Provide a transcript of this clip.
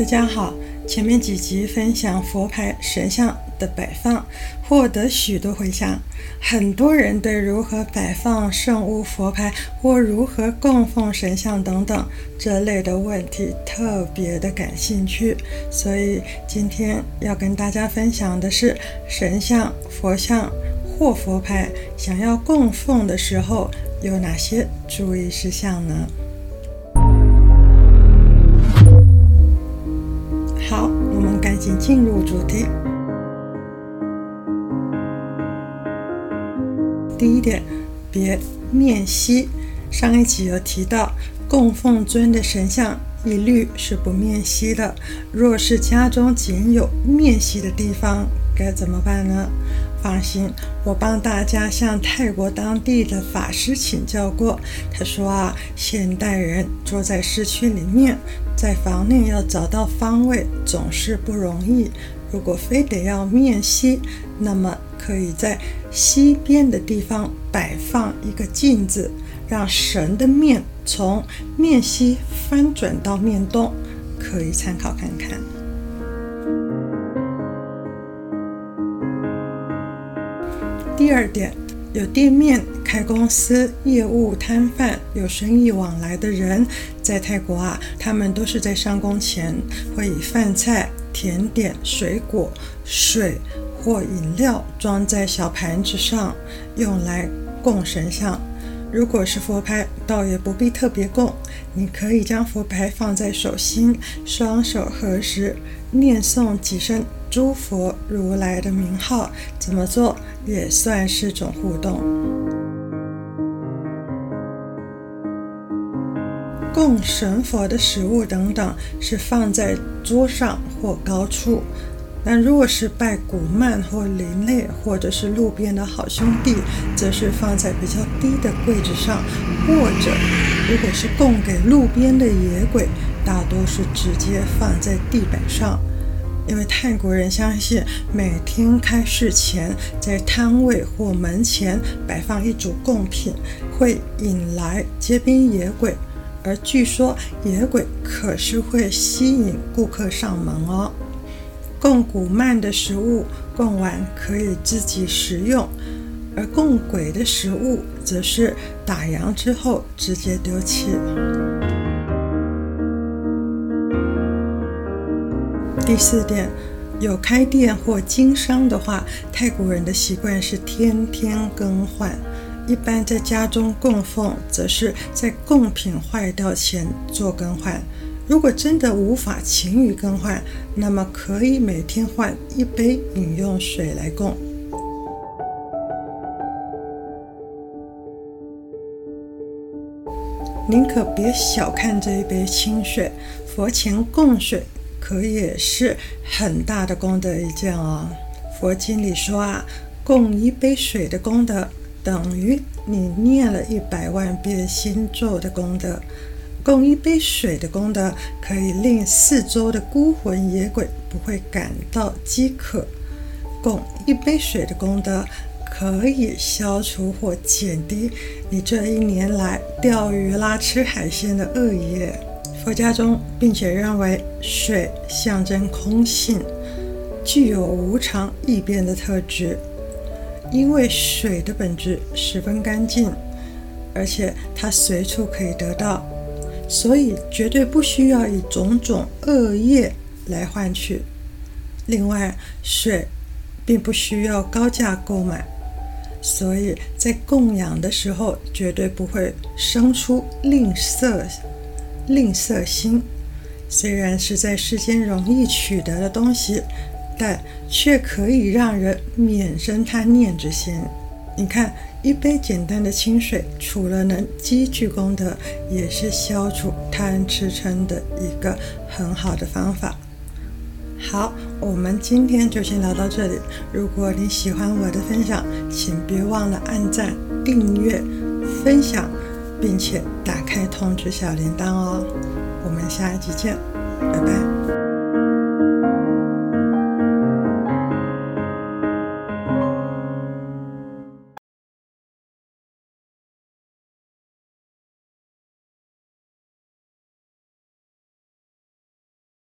大家好，前面幾集分享佛牌神像的擺放，獲得許多回響。很多人對如何擺放聖物佛牌或如何供奉神像等等這類的問題特別的感興趣，所以今天要跟大家分享的是神像、佛像或佛牌想要供奉的時候有哪些注意事項呢？進入主題。第一點，別面西。上一集有提到，供奉尊的神像一律是不面西的。若是家中僅有面西的地方，該怎麼辦呢？放心，我幫大家向泰國當地的法師請教過，他說啊，現代人住在市區裡面，在房內要找到方位總是不容易。如果非得要面西，那麼可以在西邊的地方擺放一個鏡子，讓神的面從面西翻轉到面東，可以參考看看。第二點，有店面、開公司、業務攤販、有生意往來的人，在泰國啊，他們都是在上工前，會以飯菜、甜點、水果、水或飲料裝在小盤子上，用來供神像。如果是佛牌，倒也不必特別供，你可以將佛牌放在手心，雙手合十，念誦幾聲諸佛如來的名號，怎麼做也算是種互動。供神佛的食物等等是放在桌上或高處。但如果是拜古曼或靈類，或者是路邊的好兄弟，則是放在比較低的櫃子上；或者，如果是供給路邊的野鬼，大多是直接放在地板上。因為泰國人相信，每天開市前在攤位或門前擺放一組貢品，會引來街邊野鬼，而據說野鬼可是會吸引顧客上門哦。供古曼的食物供完可以自己食用，而供鬼的食物則是打烊之後直接丟棄。第四點，有開店或經商的話，泰國人的習慣是天天更換；一般在家中供奉，則是在供品壞掉前做更換。如果真的無法勤於更換，那麼可以每天換一杯飲用水來供。您可別小看這一杯清水，佛前供水可也是很大的功德一件哦。佛經裡說啊，供一杯水的功德，等於你念了一百萬遍心咒的功德。用一杯水的功德，可以令四周的孤魂野鬼不會感到飢渴；供一杯水的功德，可以消除或減低你這一年來釣魚啦、吃海鮮的惡業。佛家中，並且認為水象徵空性，具有無常、易變的特質。因為水的本質十分乾淨，而且它隨處可以得到。所以絕對不需要以種種惡業來換取。另外，水並不需要高價購買，所以在供養的時候絕對不會生出吝嗇、吝嗇心。雖然是在世間容易取得的東西，但卻可以讓人免生貪念之心。你看，一杯簡單的清水，除了能積聚功德，也是消除貪嗔癡的一個很好的方法。好，我們今天就先聊到這裡。如果你喜歡我的分享，請別忘了按讚、訂閱、分享，並且打開通知小鈴鐺哦。我們下一集見，拜拜。